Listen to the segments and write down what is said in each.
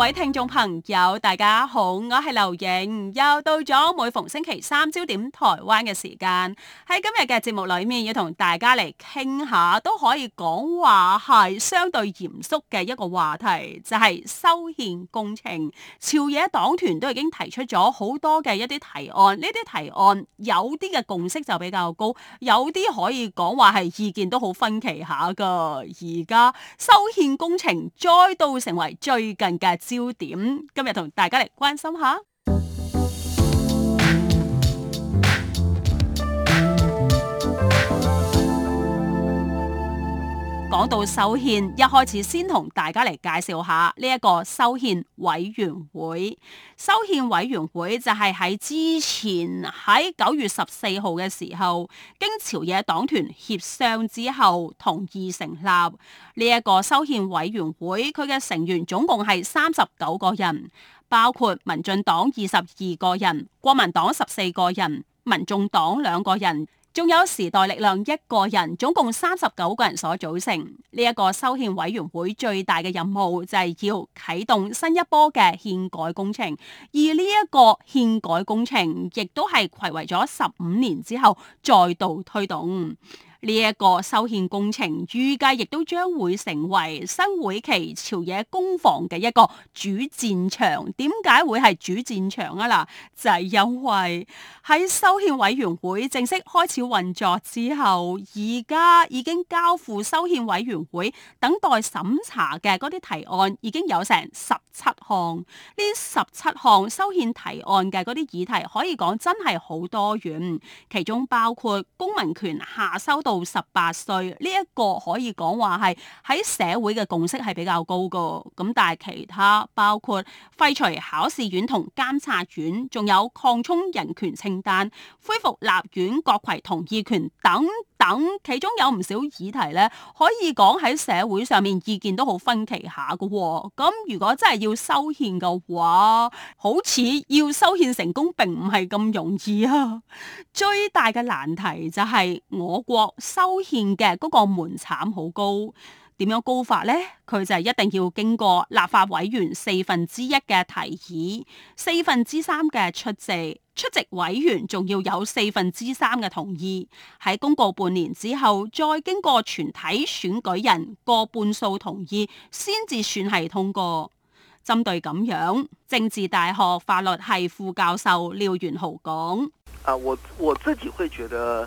各位聽眾朋友，大家好，我係劉穎，又到咗每逢星期三焦點台灣嘅時間。喺今日嘅節目裏面，要同大家嚟傾下，都可以講話係相對嚴肅嘅一個話題，就係、是、修憲工程。朝野黨團都已經提出咗好多嘅一啲提案，呢啲提案有啲嘅共識就比較高，有啲可以講話係意見都好分歧下噶。而家修憲工程再度成為最近嘅。焦點今日同大家嚟關心下。講到修憲，一開始先同大家嚟介紹下呢一個修憲委員會。修憲委員會就係喺之前喺九月十四號嘅時候，經朝野黨團協商之後同意成立呢一個修憲委員會。佢嘅成員總共係三十九個人，包括民進黨二十二個人、國民黨十四個人、民眾黨兩個人。仲有時代力量一個人，總共三十九個人所組成，呢一個修憲委員會，最大嘅任務就係要啟動新一波嘅憲改工程，而呢一個憲改工程亦都係睽違咗十五年之後再度推動。呢一個修憲工程預計亦都將會成為新會期朝野攻防嘅一個主戰場。點解會係主戰場啊？嗱，就係因為喺修憲委員會正式開始運作之後，而家已經交付修憲委員會等待審查嘅啲提案已經有成十七項。呢十七項修憲提案嘅啲議題，可以講真係好多元，其中包括公民權下修到。到十八歲呢一個可以講話係喺社會嘅共識係比較高噶，咁但係其他包括廢除考試院同監察院，仲有擴充人權清單、恢復立院閣揆同意權等等，其中有唔少議題呢，可以講喺社會上面意見都好分歧下噶、哦。咁如果真係要修憲嘅話，好似要修憲成功並唔係咁容易啊！最大嘅難題就係我國。修憲嘅嗰個門檻好高，點樣高法咧？佢就係一定要經過立法委員四分之一嘅提議，四分之三嘅出席，出席委員仲要有四分之三嘅同意，喺公告半年之後再經過全體選舉人過半數同意，先至算係通過。針對咁樣，政治大學法律系副教授廖元豪講：啊，我我自己會覺得。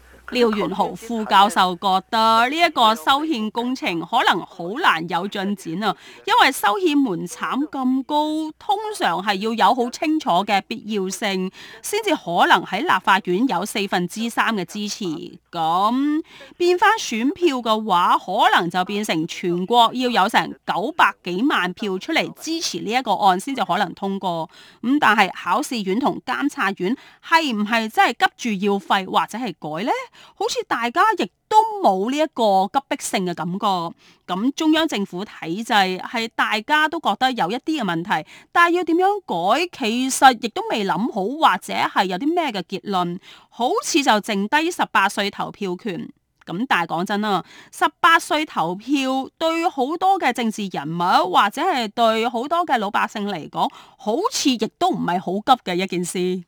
廖元豪副教授覺得呢一個修憲工程可能好難有進展啊，因為修憲門檻咁高，通常係要有好清楚嘅必要性，先至可能喺立法院有四分之三嘅支持。咁變翻選票嘅話，可能就變成全國要有成九百幾萬票出嚟支持呢一個案先至可能通過。咁、嗯、但係考試院同監察院係唔係真係急住要廢或者係改呢？好似大家亦都冇呢一個急迫性嘅感覺，咁中央政府體制係大家都覺得有一啲嘅問題，但係要點樣改，其實亦都未諗好，或者係有啲咩嘅結論，好似就剩低十八歲投票權。咁但係講真啦，十八歲投票對好多嘅政治人物，或者係對好多嘅老百姓嚟講，好似亦都唔係好急嘅一件事。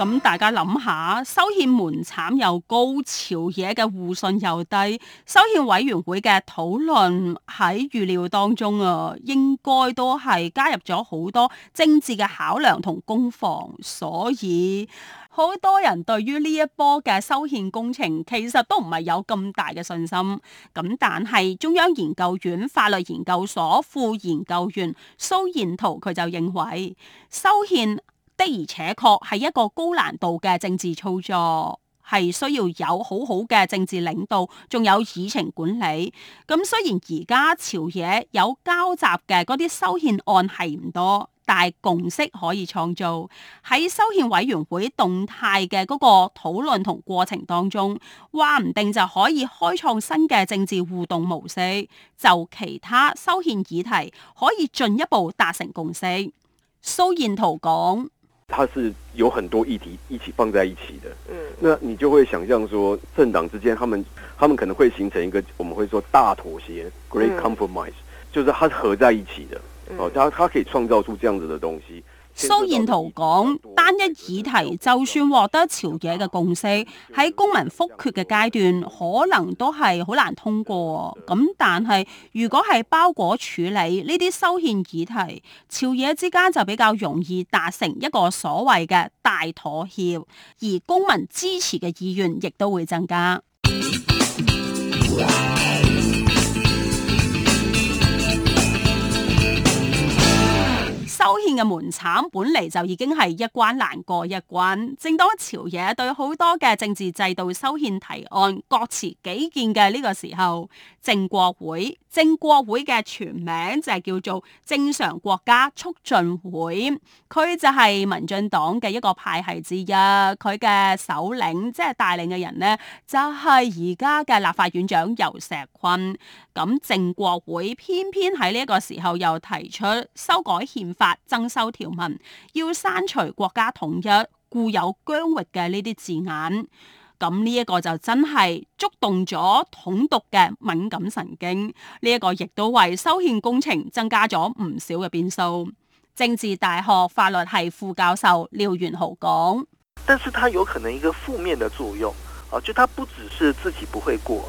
咁大家諗下，修憲門檻又高，朝野嘅互信又低，修憲委員會嘅討論喺預料當中啊，應該都係加入咗好多政治嘅考量同攻防，所以好多人對於呢一波嘅修憲工程其實都唔係有咁大嘅信心。咁但係中央研究院法律研究所副研究員蘇延圖佢就認為修憲。的而且確係一個高難度嘅政治操作，係需要有好好嘅政治領導，仲有議程管理。咁雖然而家朝野有交集嘅嗰啲修憲案係唔多，但係共識可以創造喺修憲委員會動態嘅嗰個討論同過程當中，話唔定就可以開創新嘅政治互動模式，就其他修憲議題可以進一步達成共識。蘇燕濤講。它是有很多議題一起放在一起的，嗯，那你就會想象說政黨之間，他們他們可能會形成一個，我們會說大妥協 great compromise，嗯，就是它是合在一起的，嗯，哦，它，它可以創造出這樣子的東西。蘇彥圖講，單一議題就算獲得朝野嘅共識，喺公民複決嘅階段，可能都係好難通過。咁但係如果係包裹處理呢啲修憲議題，朝野之間就比較容易達成一個所謂嘅大妥協，而公民支持嘅意願亦都會增加。修憲嘅門檻本嚟就已經係一關難過一關，正當朝野對好多嘅政治制度修憲提案各持己見嘅呢個時候，正國會，正國會嘅全名就係叫做正常國家促進會，佢就係民進黨嘅一個派系之一，佢嘅首領即係帶領嘅人咧，就係而家嘅立法院長游錫堃。咁正國會偏偏喺呢個時候又提出修改憲法。增修條文要刪除國家統一固有疆域嘅呢啲字眼，咁呢一個就真係觸動咗統獨嘅敏感神經，呢一個亦都為修憲工程增加咗唔少嘅變數。政治大學法律系副教授廖元豪講，但是他有可能一個負面的作用，啊，就他不只是自己不會過，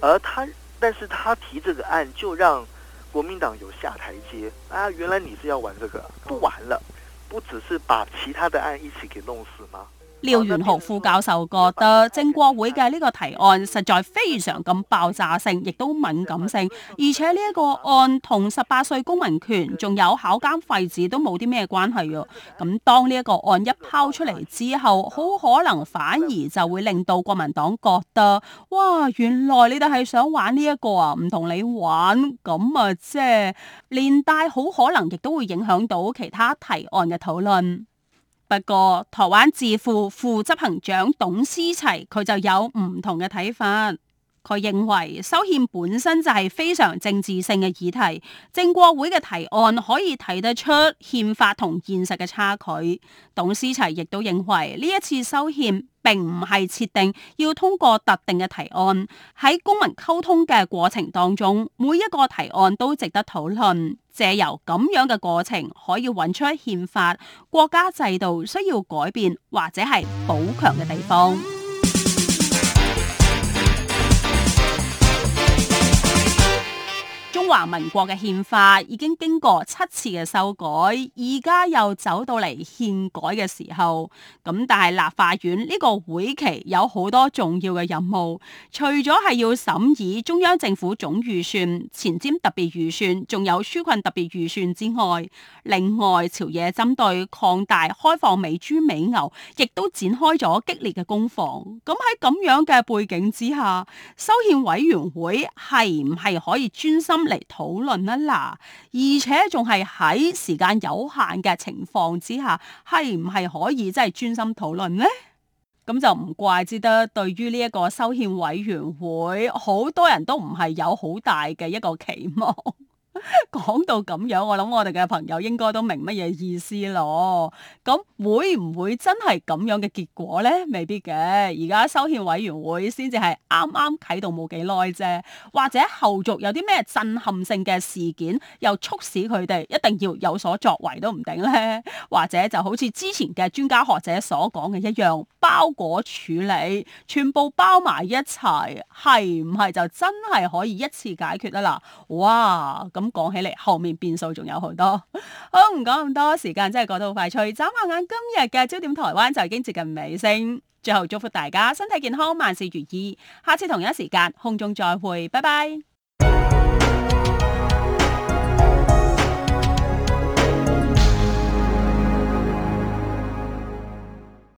而他，但是他提這個案就讓。國民黨有下台階啊！原來你是要玩這個，不玩了，不只是把其他的案一起給弄死嗎？廖元豪副教授覺得政國會嘅呢個提案實在非常咁爆炸性，亦都敏感性，而且呢一個案同十八歲公民權，仲有考監廢止都冇啲咩關係喎。咁當呢一個案一拋出嚟之後，好可能反而就會令到國民黨覺得，哇，原來你哋係想玩呢一個啊，唔同你玩，咁啊即係連帶好可能亦都會影響到其他提案嘅討論。不過，台灣智庫副執行長董思齊，佢就有唔同嘅睇法。佢認為修憲本身就係非常政治性嘅議題，政國會嘅提案可以睇得出憲法同現實嘅差距。董思齊亦都認為呢一次修憲並唔係設定要通過特定嘅提案，喺公民溝通嘅過程當中，每一個提案都值得討論。借由咁樣嘅過程，可以揾出憲法國家制度需要改變或者係補強嘅地方。華民國嘅憲法已經經過七次嘅修改，而家又走到嚟憲改嘅時候。咁但係立法院呢個會期有好多重要嘅任務，除咗係要審議中央政府總預算、前瞻特別預算，仲有紓困特別預算之外，另外朝野針對擴大開放美豬美牛，亦都展開咗激烈嘅攻防。咁喺咁樣嘅背景之下，修憲委員會係唔係可以專心嚟討論啦，而且仲係喺時間有限嘅情況之下，係唔係可以真係專心討論呢？咁就唔怪之得，對於呢一個修憲委員會，好多人都唔係有好大嘅一個期望。講到咁樣，我諗我哋嘅朋友應該都明乜嘢意思咯。咁會唔會真係咁樣嘅結果呢？未必嘅。而家修憲委員會先至係啱啱啟動冇幾耐啫，或者後續有啲咩震撼性嘅事件，又促使佢哋一定要有所作為都唔定呢？或者就好似之前嘅專家學者所講嘅一樣，包裹處理全部包埋一齊，係唔係就真係可以一次解決得啦？哇！咁。講起嚟，後面變數仲有好多。好、 哦，唔講咁多，時間真係過得好快脆，眨下眼，今日嘅焦點台灣就已經接近尾聲。最後祝福大家身體健康，萬事如意。下次同一時間空中再會，拜拜。